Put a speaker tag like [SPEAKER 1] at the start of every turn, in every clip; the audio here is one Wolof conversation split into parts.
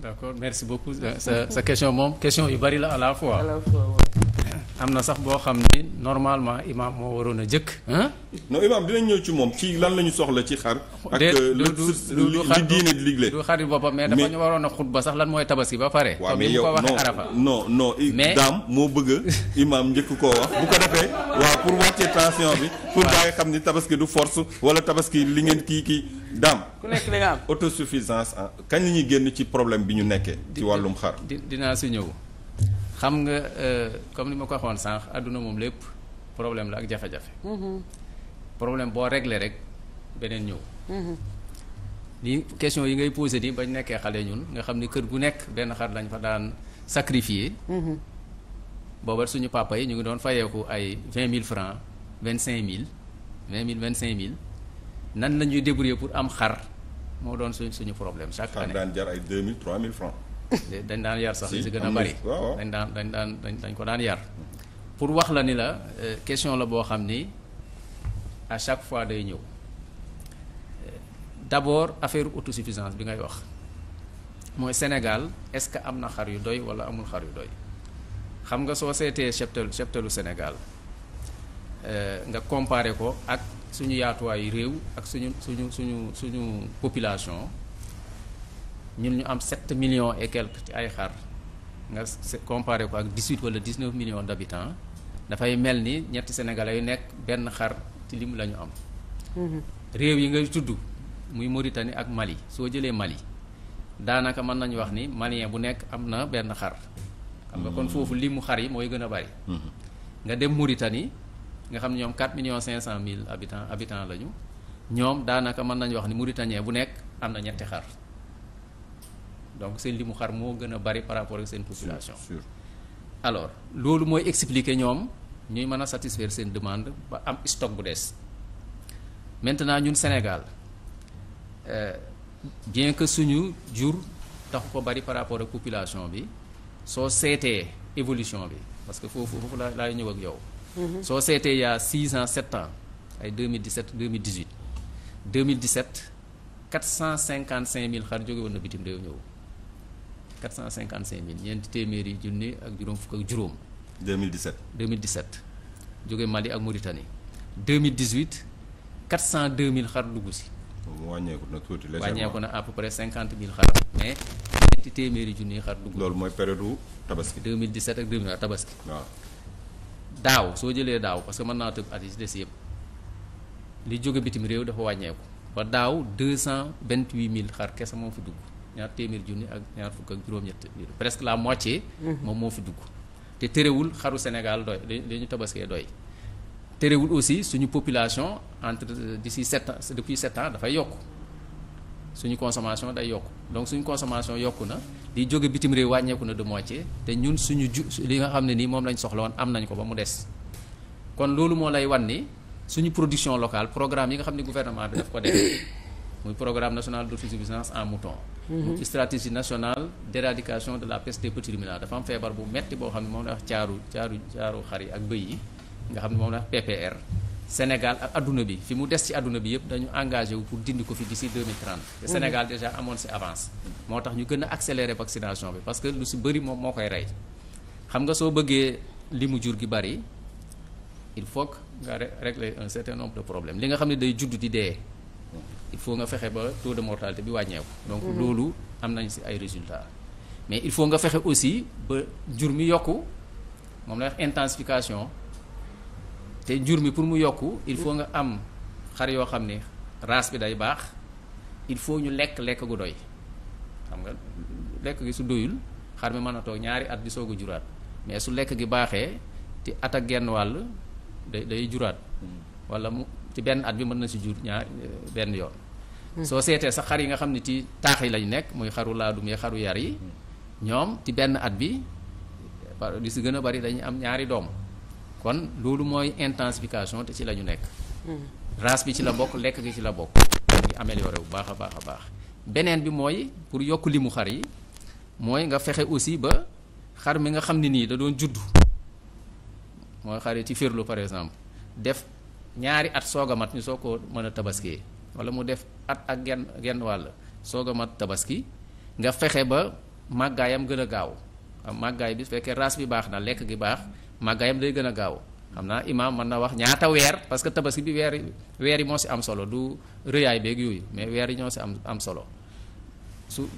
[SPEAKER 1] d' accord merci beaucoup sa sa question moom question yu bari la à la fois. À la fois ouais. am na sax boo xam ni normalement imaam moo waroon a jëkk. non imaam dinañ ñëw ci moom ci lan la ñu soxla ci xar. ak lu euh, li diine ligle. du xari boppam mais dafa ñu waroon a xutba sax lan mooy tabaski ba pare. waaw mais yow non non non daam moo bëgg imaam njëkk koo wax bu ko defee waaw pour wàccee tension bi. pour daay xam ni tabaski du force wala tabaski li ngeen kii kii daam. ku nekk li nga am autosuffisance kañ la ñuy génn ci problème bi ñu nekkee. ci wàllum xar dinaa si ñëw. xam nga euh, comme ni ma ko waxoon sànq adduna moom lépp problème la ak jafe-jafe. Mm-hmm. problème boo réglé rek beneen ñëw. li mm-hmm. question yi ngay posé nii bañ nekkee xale ñun nga xam ni kër gu nekk benn xar lañ fa daan sacrifier. Mm-hmm. booba suñu papa yi ñu ngi doon fayeeku ay vingt mille francs vingt cinq mille vingt mille vingt cinq mille nan la ñuy débrouiller pour am xar moo doon suñ suñu problème chaque année. daan jar ay deux mille trois mille francs. dañ daan yar sax li si gën a bari dañ daan dañ daan dañ ko daan yar pour wax la ni la euh, question la boo xam ni à chaque fois day ñëw euh, d'abord affaire autosuffisance bi ngay wax mooy Sénégal est-ce que am na xar yu doy walla amul xar yu doy xam nga soo seetee cheptelu cheptelu Sénégal euh, nga comparer ko ak suñu yaatuwaayu réew ak suñu suñu suñu suñu population ñun ñu am 7 million et quelques ci ay xar nga comparé ko ak 18 wala 19 millions d' habitants dafay mel ni ñetti sénégalais yu nekk benn xar ci lim la ñu am. Mhm. réew yi ngay tudd muy Mauritanie ak Mali soo jëlee Mali daanaka mën nañu wax ni malien bu nekk am na benn xar. xam nga kon mhm. foofu limu xar yi mooy gën a bari. Mhm. nga dem Mauritanie nga xam ne ñoom 4 millions 500 mille habitants habitants la ñu ñoom daanaka mën nañu wax ni mauritanien bu nekk am na ñetti xar. donc seen li mu xar moo gën a bari par rapport ak seen population sûr alors loolu mooy expliquer ñoom ñuy mën a satisfaire seen demande ba am stock bu des maintenant ñun Sénégal euh, bien que suñu jur taxu ko bari par rapport ak population bi soo seetee évolution bi parce que foofu foofu laa laay ñëw ak yow mhm. soo seetee y a six ans sept ans ay 2017 2018 2017 455 000 xar jóge woon na bitim réew ñëw quatre cent cinquante cinq mille ñeenti téeméeri junni ak juróom fukk ak juróom. 2017 2017. jóge Mali ak Mauritanie 2018 402 000 xar dugg si. wàññeeku na tuuti légèrement wàññeeku na à peu près 50 000 xar mais ñeenti téeméeri junni xar dugg. loolu mooy période tabaski. 2017 ak 2018 tabaski. waaw daaw soo jëlee daaw parce que mën naa tëb at yi des yëpp li jóge bitim réew dafa wàññeeku ba daaw 228 000 xar kese moo fi dugg. ñaar téeméer junni ak ñaar fukk ak juróom-ñett presque la moitié. Mhm. moom moo fi dugg. te terewul xaru Sénégal doy dañu tabaskee doy. terewul aussi suñu population entre d'ici sept ans depuis sept ans dafay yokk suñu consommation day yokk donc suñu consommation yokku na di jóge bitim réew wàññeeku na de moitié te ñun suñu ju li nga xam ne nii moom lañ soxla woon am nañ ko ba mu des. kon loolu moo lay wan ni suñu production locale programme yi nga xam ne gouvernement bi daf ko def muy programme national d'autosuffisance Mm-hmm. ci stratégie nationale d'éradication de la peste des petits ruminants dafa am feebar bu metti boo xam ne moom la wax caaru caaru caaru xar yi ak bëy yi nga xam ne moom la wax PPR Sénégal ak adduna bi fi mu des ci adduna bi yëpp dañu engagé wu pour dindi ko fi d'ici 2030 te mm-hmm. Sénégal déjà amoon si avance moo tax ñu gën a accélérer vaccination bi parce que lu si bëri moom moo koy rey xam nga soo bëggee li mu jur gi bari il faut que nga régler un certain nombre de li nga xam ne day judd di il faut nga fexe ba taux de mortalité bi wàññeeku. donc mhm. loolu am nañ si ay résultat mais il faut nga fexe aussi ba jur mi yokku moom la wax intensification te jur mi pour mu yokku il faut nga am xar yoo xam ne race bi day baax il faut ñu lekk lekk gu doy xam nga lekk gi su doyul xar mi mën na toog ñaari at di soog juraat mais su lekk gi baaxee te at ak genn wàll day day juraat mm. wala mu. ci benn at bi mën na si jur ñaar euh, benn yoon. soo seetee sax xar yi nga xam ne ci taax yi lañu nekk muy xaru laadum muy xaru yar yi ñoom ci benn at bi li si gën a bari dañuy am ñaari doom kon loolu mooy intensification te ci la ñu nekk. race bi ci la bokk lekk gi ci la bokk. ñu amélioré bu baax a baax a baax beneen bi mooy pour yokk limu xar yi mooy nga fexe aussi ba xar mi nga xam ne nii da doon juddu mooy xar yi ci firlu par exemple def. ñaari at soog a mat ñu soo ko mën a tabaskiyee wala mu def at ak genn genn wàll soog a mat tabaski nga fexe ba màggaayam gën a gaaw màggaay bi fekkee raas bi baax na lekk gi baax màggaayam day gën a gaaw xam naa imaam mën na wax ñaata weer parce que tabaski bi weer weer yi moo si am solo du rëyaay beeg yooyu mais weer yi ñoo si am am solo su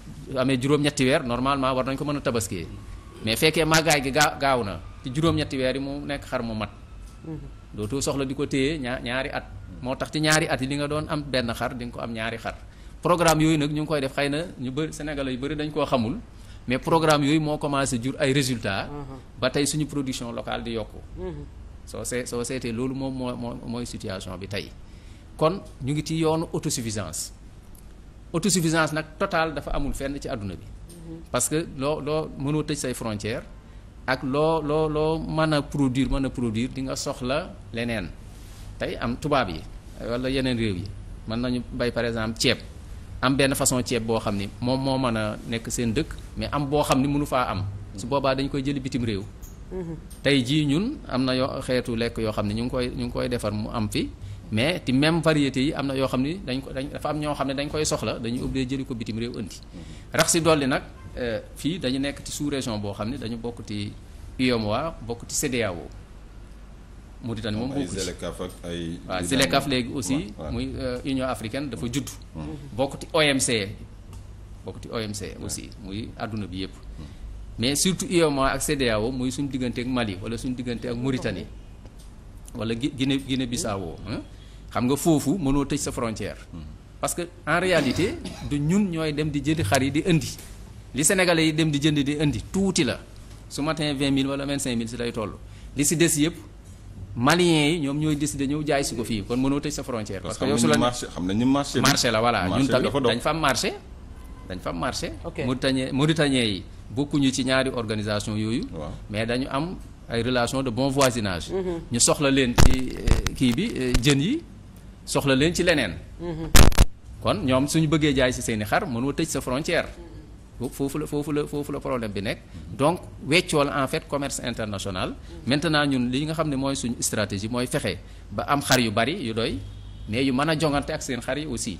[SPEAKER 1] amee juróom-ñetti weer normalement war nañ ko mën a tabaskiyee mais fekkee màggaay gi gaaw gaaw na ci juróom-ñetti weer yi mu nekk xar mu mat. Mm-hmm. dootoo soxla di ko téye ñaa ñaari at moo tax ci ñaari at yi li nga doon am benn xar di ko am ñaari xar programme yooyu nag ñu ngi koy def xëy na ñu bëri sénégalais yu bëri dañ koo xamul mais programme yooyu moo commencé jur ay ba tey suñu production locale di yokku soo see soo seetee loolu moom moo moo mooy situation bi tey kon ñu ngi ci yoonu autosuffisance autosuffisance nag totale dafa amul fenn ci àdduna bi parce que loo loo mënoo tëj say frontières ak loo loo loo mën a produire mën a produire di nga soxla leneen tey am tubaab yi wala yeneen réew yi mën nañu bay par exemple ceeb am benn façon ceeb boo xam ni moom moo mën a nekk seen dëkk mais am boo xam ni mënu faa am su boobaa dañ koy jëli bitim réew mhm. tey jii ñun am na yoo xeetu lekk yoo xam ne ñu ngi koy ñu ngi koy defar mu am fi mais ti même variété yi am na yoo xam ni dañ ko dañ dafa am ñoo xam ne dañ koy soxla dañuy obligé jëli ko bitim réew indi mhm. rax si dolli nag Euh, fii dañu nekk ci sous-région boo xam ne dañu bokk ci waa bokk ci CEDEAO Mauritanie moom bokk ci ay léegi aussi muy euh, Union africaine dafa judd bokkuti ci OMC bokk ci OMC aussi muy àdduna bi yëpp mais surtout UEMOA ak CEDEAO muy suñu diggante ak Mali wala suñ diggante ak Mauritanie wala Guinée Guinée Bissau xam nga foofu mënoo tëj sa frontière parce que en réalité du ñun ñooy dem di jëli xar yi di indi li Sénégalais yi dem di jënd di indi tuuti la su matin vingt mille wala vingt cinq mille si lay toll li si des yëpp maliens yi ñoom ñooy décider ñëw jaay si ko fii kon mënoo tëj sa frontière. parce que yow su la marché xam nañu marché. marché la voilà ñun tamit dañ fa am marché. dañ fa am marché. ok Mauritanie bokkuñu ci ñaari organisation yooyu. mais dañu am ay relation de bon voisinage. Mhm. ñu soxla leen ci eh, kii bi eh, jën yi soxla leen ci leneen. Mhm. kon ñoom suñu bëggee jaay si seen i xar mënoo tëj sa frontière. foofu la foofu la foofu la problème bi nekk donc weccoo la en fait commerce international maintenant ñun li nga xam ne mooy suñu stratégie mooy fexe ba am xar yu bari yu doy mais yu mën a jongante ak seen xar yi aussi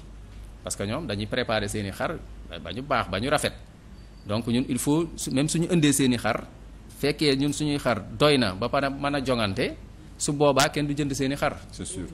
[SPEAKER 1] parce que ñoom dañuy préparer seen i xar ba ñu baax ba ñu rafet donc ñun il faut même suñu indee seeni xar fekkee ñun suñuy xar doy na ba pare mën a jongante su boobaa kenn du jënd seen i xar c'est sûr